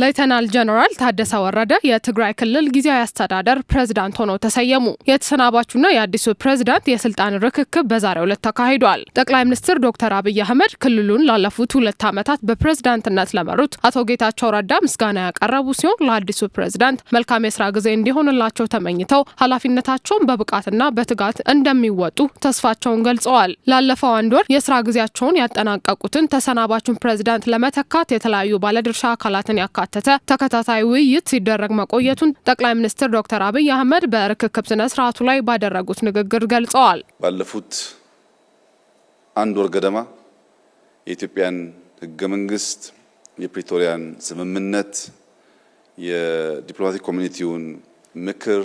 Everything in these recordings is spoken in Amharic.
ሌተናል ጀነራል ታደሰ ወረደ የትግራይ ክልል ጊዜያዊ አስተዳደር ፕሬዝዳንት ሆነው ተሰየሙ። የተሰናባቹና የአዲሱ ፕሬዝዳንት የስልጣን ርክክብ በዛሬው ዕለት ተካሂዷል። ጠቅላይ ሚኒስትር ዶክተር አብይ አህመድ ክልሉን ላለፉት ሁለት ዓመታት በፕሬዝዳንትነት ለመሩት አቶ ጌታቸው ረዳ ምስጋና ያቀረቡ ሲሆን ለአዲሱ ፕሬዝዳንት መልካም የስራ ጊዜ እንዲሆንላቸው ተመኝተው ኃላፊነታቸውን በብቃትና በትጋት እንደሚወጡ ተስፋቸውን ገልጸዋል። ላለፈው አንድ ወር የስራ ጊዜያቸውን ያጠናቀቁትን ተሰናባቹን ፕሬዝዳንት ለመተካት የተለያዩ ባለድርሻ አካላትን ያካ። ያካተተ ተከታታይ ውይይት ሲደረግ መቆየቱን ጠቅላይ ሚኒስትር ዶክተር አብይ አህመድ በርክክብ ስነ ስርዓቱ ላይ ባደረጉት ንግግር ገልጸዋል። ባለፉት አንድ ወር ገደማ የኢትዮጵያን ህገ መንግስት፣ የፕሪቶሪያን ስምምነት፣ የዲፕሎማቲክ ኮሚኒቲውን ምክር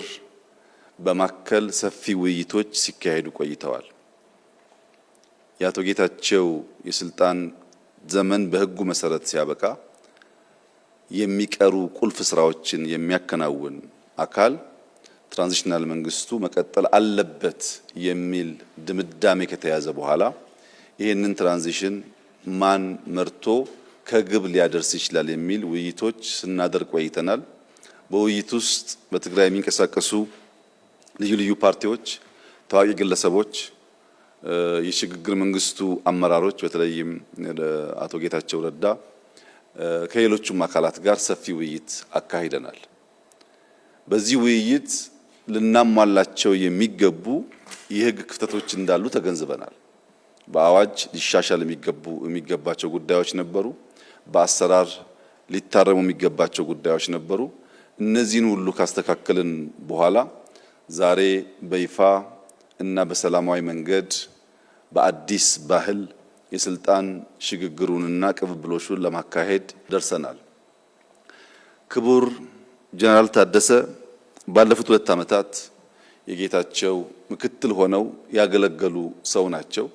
በማከል ሰፊ ውይይቶች ሲካሄዱ ቆይተዋል። የአቶ ጌታቸው የስልጣን ዘመን በህጉ መሰረት ሲያበቃ የሚቀሩ ቁልፍ ስራዎችን የሚያከናውን አካል ትራንዚሽናል መንግስቱ መቀጠል አለበት የሚል ድምዳሜ ከተያዘ በኋላ ይህንን ትራንዚሽን ማን መርቶ ከግብ ሊያደርስ ይችላል የሚል ውይይቶች ስናደርግ ቆይተናል። በውይይት ውስጥ በትግራይ የሚንቀሳቀሱ ልዩ ልዩ ፓርቲዎች፣ ታዋቂ ግለሰቦች፣ የሽግግር መንግስቱ አመራሮች በተለይም አቶ ጌታቸው ረዳ ከሌሎቹም አካላት ጋር ሰፊ ውይይት አካሂደናል። በዚህ ውይይት ልናሟላቸው የሚገቡ የህግ ክፍተቶች እንዳሉ ተገንዝበናል። በአዋጅ ሊሻሻል የሚገቡ የሚገባቸው ጉዳዮች ነበሩ። በአሰራር ሊታረሙ የሚገባቸው ጉዳዮች ነበሩ። እነዚህን ሁሉ ካስተካከልን በኋላ ዛሬ በይፋ እና በሰላማዊ መንገድ በአዲስ ባህል የስልጣን ሽግግሩንና ቅብብሎሹን ለማካሄድ ደርሰናል። ክቡር ጀነራል ታደሰ ባለፉት ሁለት ዓመታት የጌታቸው ምክትል ሆነው ያገለገሉ ሰው ናቸው።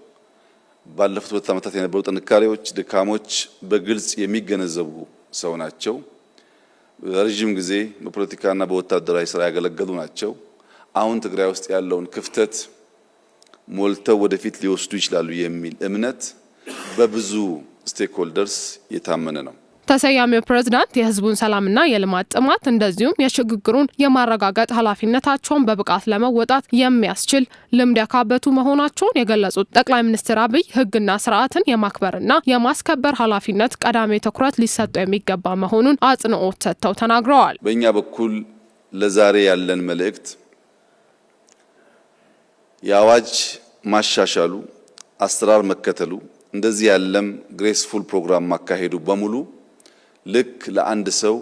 ባለፉት ሁለት ዓመታት የነበሩ ጥንካሬዎች፣ ድካሞች በግልጽ የሚገነዘቡ ሰው ናቸው። ረዥም ጊዜ በፖለቲካና በወታደራዊ ስራ ያገለገሉ ናቸው። አሁን ትግራይ ውስጥ ያለውን ክፍተት ሞልተው ወደፊት ሊወስዱ ይችላሉ የሚል እምነት በብዙ ስቴክሆልደርስ የታመነ ነው። ተሰያሚው ፕሬዝዳንት የህዝቡን ሰላምና የልማት ጥማት እንደዚሁም የሽግግሩን የማረጋገጥ ኃላፊነታቸውን በብቃት ለመወጣት የሚያስችል ልምድ ያካበቱ መሆናቸውን የገለጹት ጠቅላይ ሚኒስትር አብይ ህግና ስርዓትን የማክበርና የማስከበር ኃላፊነት ቀዳሚ ትኩረት ሊሰጠው የሚገባ መሆኑን አጽንኦት ሰጥተው ተናግረዋል። በእኛ በኩል ለዛሬ ያለን መልእክት የአዋጅ ማሻሻሉ አሰራር መከተሉ እንደዚህ ያለም ግሬስፉል ፕሮግራም ማካሄዱ በሙሉ ልክ ለአንድ ሰው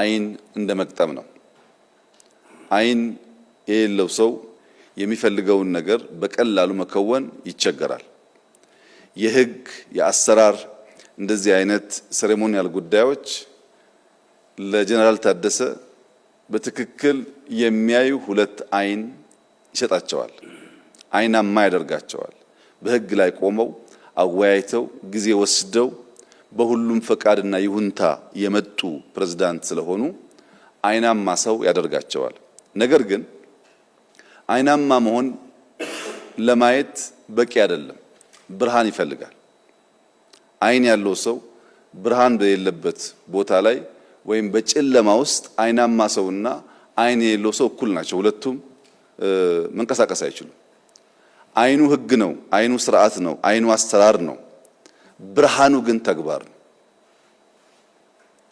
አይን እንደ መቅጠም ነው። አይን የሌለው ሰው የሚፈልገውን ነገር በቀላሉ መከወን ይቸገራል። የህግ የአሰራር እንደዚህ አይነት ሴሬሞኒያል ጉዳዮች ለጀነራል ታደሰ በትክክል የሚያዩ ሁለት አይን ይሰጣቸዋል። አይናማ ያደርጋቸዋል። በህግ ላይ ቆመው አወያይተው ጊዜ ወስደው በሁሉም ፈቃድና ይሁንታ የመጡ ፕሬዝዳንት ስለሆኑ አይናማ ሰው ያደርጋቸዋል። ነገር ግን አይናማ መሆን ለማየት በቂ አይደለም፣ ብርሃን ይፈልጋል። አይን ያለው ሰው ብርሃን በሌለበት ቦታ ላይ ወይም በጨለማ ውስጥ አይናማ ሰውና አይን የሌለው ሰው እኩል ናቸው። ሁለቱም መንቀሳቀስ አይችሉም። አይኑ ህግ ነው፣ አይኑ ስርዓት ነው፣ አይኑ አሰራር ነው። ብርሃኑ ግን ተግባር ነው።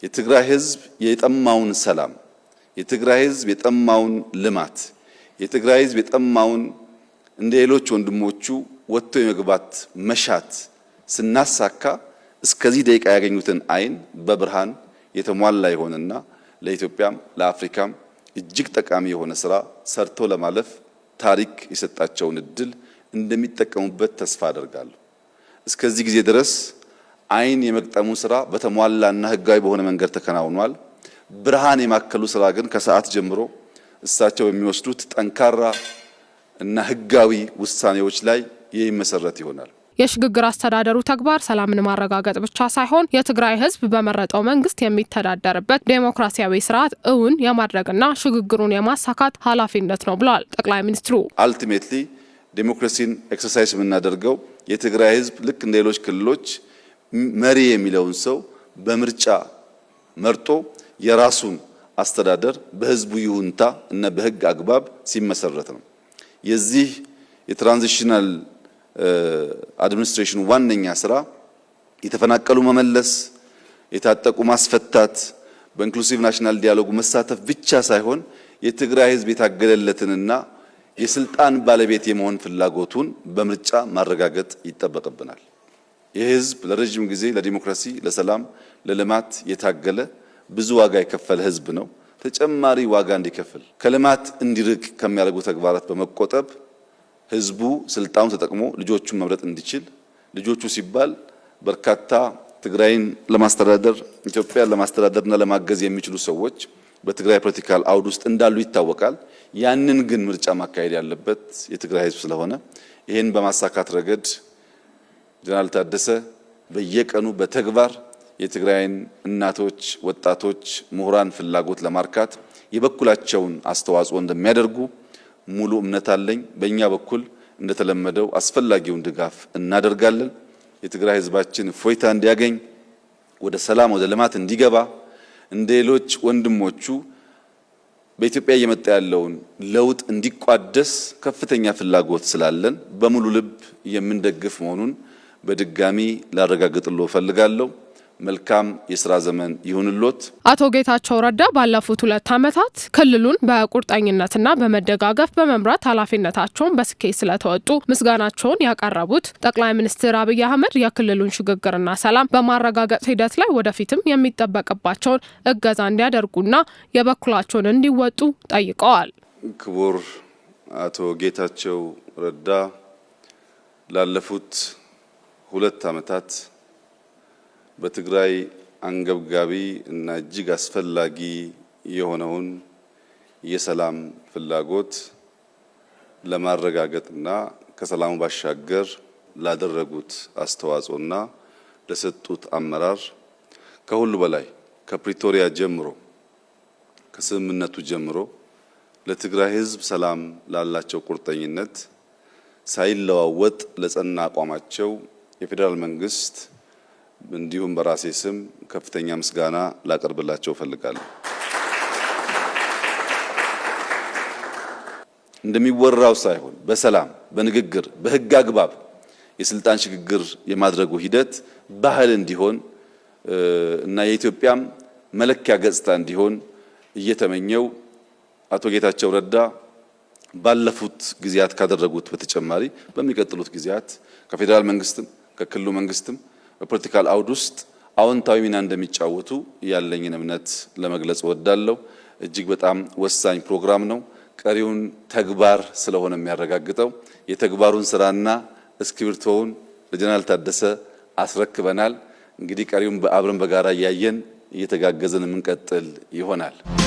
የትግራይ ህዝብ የጠማውን ሰላም፣ የትግራይ ህዝብ የጠማውን ልማት፣ የትግራይ ህዝብ የጠማውን እንደ ሌሎች ወንድሞቹ ወጥቶ የመግባት መሻት ስናሳካ እስከዚህ ደቂቃ ያገኙትን አይን በብርሃን የተሟላ የሆነና ለኢትዮጵያም ለአፍሪካም እጅግ ጠቃሚ የሆነ ስራ ሰርቶ ለማለፍ ታሪክ የሰጣቸውን እድል እንደሚጠቀሙበት ተስፋ አደርጋለሁ። እስከዚህ ጊዜ ድረስ አይን የመቅጠሙ ስራ በተሟላና ህጋዊ በሆነ መንገድ ተከናውኗል። ብርሃን የማከሉ ስራ ግን ከሰዓት ጀምሮ እሳቸው በሚወስዱት ጠንካራ እና ህጋዊ ውሳኔዎች ላይ የሚመሰረት ይሆናል። የሽግግር አስተዳደሩ ተግባር ሰላምን ማረጋገጥ ብቻ ሳይሆን የትግራይ ህዝብ በመረጠው መንግስት የሚተዳደርበት ዴሞክራሲያዊ ስርዓት እውን የማድረግና ሽግግሩን የማሳካት ኃላፊነት ነው ብለዋል ጠቅላይ ሚኒስትሩ። አልቲሜትሊ ዴሞክራሲን ኤክሰርሳይስ የምናደርገው የትግራይ ህዝብ ልክ እንደ ሌሎች ክልሎች መሪ የሚለውን ሰው በምርጫ መርጦ የራሱን አስተዳደር በህዝቡ ይሁንታ እና በህግ አግባብ ሲመሰረት ነው። የዚህ የትራንዚሽናል አድሚኒስትሬሽን ዋነኛ ስራ የተፈናቀሉ መመለስ፣ የታጠቁ ማስፈታት፣ በኢንክሉሲቭ ናሽናል ዲያሎግ መሳተፍ ብቻ ሳይሆን የትግራይ ህዝብ የታገለለትንና የስልጣን ባለቤት የመሆን ፍላጎቱን በምርጫ ማረጋገጥ ይጠበቅብናል። ይህ ህዝብ ለረጅም ጊዜ ለዲሞክራሲ፣ ለሰላም፣ ለልማት የታገለ ብዙ ዋጋ የከፈለ ህዝብ ነው። ተጨማሪ ዋጋ እንዲከፍል ከልማት እንዲርቅ ከሚያደርጉ ተግባራት በመቆጠብ ህዝቡ ስልጣኑን ተጠቅሞ ልጆቹን መምረጥ እንዲችል ልጆቹ ሲባል በርካታ ትግራይን ለማስተዳደር ኢትዮጵያን ለማስተዳደርና ለማገዝ የሚችሉ ሰዎች በትግራይ ፖለቲካል አውድ ውስጥ እንዳሉ ይታወቃል። ያንን ግን ምርጫ ማካሄድ ያለበት የትግራይ ህዝብ ስለሆነ ይህን በማሳካት ረገድ ጀነራል ታደሰ በየቀኑ በተግባር የትግራይን እናቶች፣ ወጣቶች፣ ምሁራን ፍላጎት ለማርካት የበኩላቸውን አስተዋጽኦ እንደሚያደርጉ ሙሉ እምነት አለኝ። በእኛ በኩል እንደተለመደው አስፈላጊውን ድጋፍ እናደርጋለን። የትግራይ ህዝባችን እፎይታ እንዲያገኝ ወደ ሰላም ወደ ልማት እንዲገባ እንደ ሌሎች ወንድሞቹ በኢትዮጵያ እየመጣ ያለውን ለውጥ እንዲቋደስ ከፍተኛ ፍላጎት ስላለን በሙሉ ልብ የምንደግፍ መሆኑን በድጋሚ ላረጋግጥልዎ እፈልጋለሁ። መልካም የስራ ዘመን ይሁንሎት አቶ ጌታቸው ረዳ ባለፉት ሁለት ዓመታት ክልሉን በቁርጠኝነትና በመደጋገፍ በመምራት ኃላፊነታቸውን በስኬት ስለተወጡ ምስጋናቸውን ያቀረቡት ጠቅላይ ሚኒስትር አብይ አህመድ የክልሉን ሽግግርና ሰላም በማረጋገጥ ሂደት ላይ ወደፊትም የሚጠበቅባቸውን እገዛ እንዲያደርጉና የበኩላቸውን እንዲወጡ ጠይቀዋል። ክቡር አቶ ጌታቸው ረዳ ላለፉት ሁለት ዓመታት በትግራይ አንገብጋቢ እና እጅግ አስፈላጊ የሆነውን የሰላም ፍላጎት ለማረጋገጥና ከሰላሙ ባሻገር ላደረጉት አስተዋጽኦና ለሰጡት አመራር ከሁሉ በላይ ከፕሪቶሪያ ጀምሮ ከስምምነቱ ጀምሮ ለትግራይ ሕዝብ ሰላም ላላቸው ቁርጠኝነት ሳይለዋወጥ ለጸና አቋማቸው የፌዴራል መንግስት እንዲሁም በራሴ ስም ከፍተኛ ምስጋና ላቀርብላቸው እፈልጋለሁ። እንደሚወራው ሳይሆን በሰላም በንግግር በህግ አግባብ የስልጣን ሽግግር የማድረጉ ሂደት ባህል እንዲሆን እና የኢትዮጵያም መለኪያ ገጽታ እንዲሆን እየተመኘው አቶ ጌታቸው ረዳ ባለፉት ጊዜያት ካደረጉት በተጨማሪ በሚቀጥሉት ጊዜያት ከፌዴራል መንግስትም ከክልሉ መንግስትም በፖለቲካል አውድ ውስጥ አዎንታዊ ሚና እንደሚጫወቱ ያለኝን እምነት ለመግለጽ እወዳለሁ። እጅግ በጣም ወሳኝ ፕሮግራም ነው። ቀሪውን ተግባር ስለሆነ የሚያረጋግጠው የተግባሩን ስራና እስክሪብቶውን ለጀነራል ታደሰ አስረክበናል። እንግዲህ ቀሪውን በአብረን በጋራ እያየን እየተጋገዘን የምንቀጥል ይሆናል።